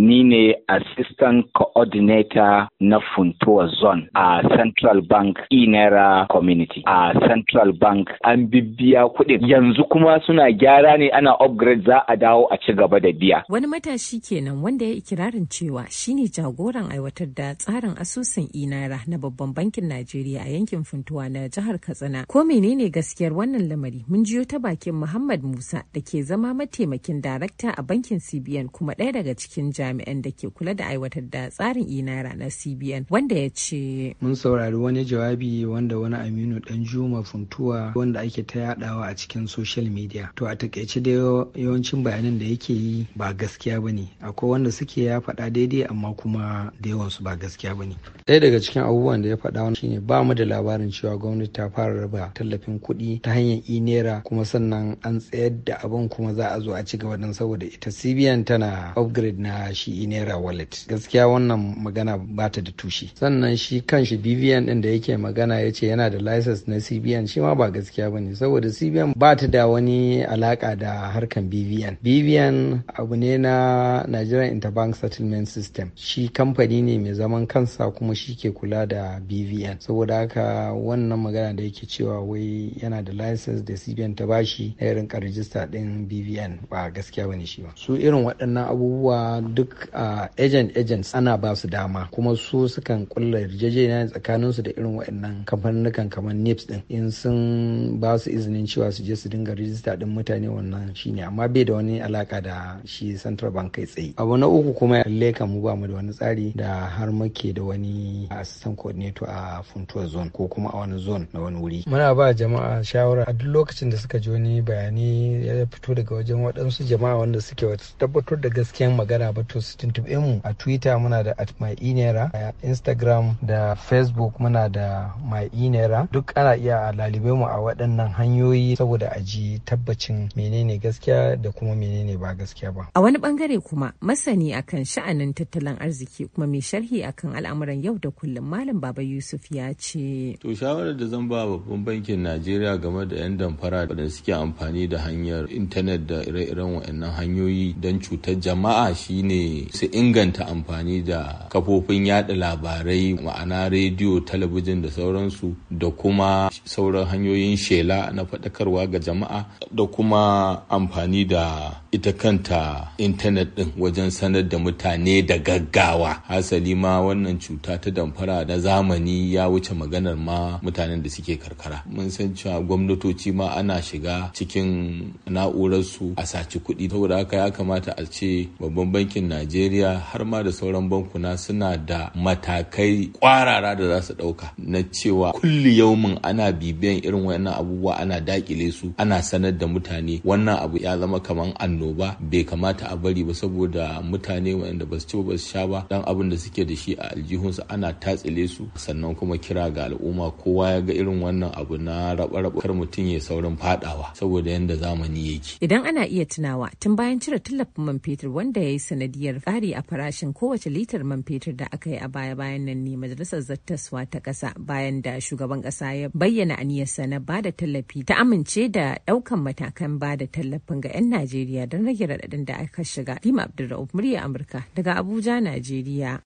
ni ne assistant coordinator na funtuwa zone a central bank inera community a central bank an bibbiya kuɗin yanzu kuma suna gyara ne ana upgrade za a dawo a ci gaba da biya wani matashi kenan wanda ya ikirarin cewa shine jagoran aiwatar da tsarin asusun inera na babban bankin najeriya a yankin funtuwa na jihar katsina ko menene gaskiyar wannan lamari mun jiyo ta bakin muhammad musa da ke zama mataimakin darakta a bankin cbn kuma ɗaya daga cikin jami'an da ke kula da aiwatar da tsarin inara na cbn wanda ya ce mun saurari wani jawabi wanda wani aminu dan juma funtuwa wanda ake ta yadawa a cikin social media to a takaice da yawancin bayanan da yake yi ba gaskiya ba ne akwai wanda suke ya faɗa daidai amma kuma da yawansu ba gaskiya ba ne ɗaya daga cikin abubuwan da ya faɗa wani shine ba mu da labarin cewa gwamnati ta fara raba tallafin kuɗi ta hanyar inera kuma sannan an tsayar da abin kuma za a zo a ci gaba don saboda ita cbn tana upgrade na shi naira wallet gaskiya wannan magana ba ta da tushe sannan shi kan shi bvn din da yake magana ya ce yana da license na cbn shi ma ba gaskiya ba ne saboda cbn ba ta da wani alaka da harkan bvn bvn abu ne na nigerian interbank settlement system shi kamfani ne mai zaman kansa kuma shi ke kula da bvn saboda haka wannan magana da yake cewa wai yana da license da cbn ta bashi na irin ka rijista din bvn ba gaskiya ba ne shi ba su irin waɗannan abubuwa duk agent agents ana ba su dama kuma su sukan kulla yarjejeniya tsakanin su da irin waɗannan kamfanin kamar nips din in sun ba su izinin cewa su je su dinga rijista din mutane wannan shine amma bai da wani alaka da shi central bank kai tsaye abu na uku kuma lalle kan mu ba mu da wani tsari da har muke da wani assistant coordinator a funtuwa zone ko kuma a wani zone na wani wuri muna ba jama'a shawara a duk lokacin da suka ji wani bayani ya fito daga wajen waɗansu jama'a wanda suke tabbatar da gaskiyan magana ba to su mu a twitter muna da at my inera a instagram da facebook muna da my inera duk ana iya a lalibai mu a waɗannan hanyoyi saboda a ji tabbacin menene gaskiya da kuma menene ba gaskiya ba a wani bangare kuma masani akan sha'anin tattalin arziki kuma mai sharhi akan al'amuran yau da kullum malam baba yusuf ya ce to shawarar da zan ba babban bankin najeriya game da 'yan damfara da suke amfani da hanyar intanet da ire-iren waɗannan hanyoyi don cutar jama'a shine su inganta amfani da kafofin yada labarai ma'ana rediyo talabijin da sauransu da kuma sauran hanyoyin shela na faɗakarwa ga jama'a da kuma amfani da ita kanta intanet ɗin wajen sanar da mutane da gaggawa hasali ma wannan cuta ta damfara na zamani ya wuce maganar ma mutanen da suke karkara mun san cewa gwamnatoci ma ana shiga cikin na'urarsu a saci kuɗi saboda haka ya kamata a ce babban bankin najeriya har ma da sauran bankuna suna da matakai kwarara da za su ɗauka na cewa kulli yaumin ana bibiyan irin wannan abubuwa ana dakile su ana sanar da mutane wannan abu ya zama kamar annoba bai kamata a bari ba saboda mutane waɗanda ba su ci ba su sha ba dan abin da suke da shi a aljihunsu ana tatsile su sannan kuma kira ga al'umma kowa ya ga irin wannan abu na raba-raba kar mutum ya saurin fadawa saboda yadda zamani yake idan ana iya tunawa tun bayan cire tallafin man fetur wanda ya yi sanadi sanadiyar ƙari a farashin kowace litar man fetur da aka yi a baya-bayan nan ne majalisar zattaswa ta ƙasa bayan da shugaban ƙasa ya bayyana aniyarsa na ba da tallafi ta amince da ɗaukan matakan ba da tallafin ga 'yan Najeriya don rage raɗaɗin da aka shiga. Lima Abdulrahman murya Amurka daga Abuja, Najeriya.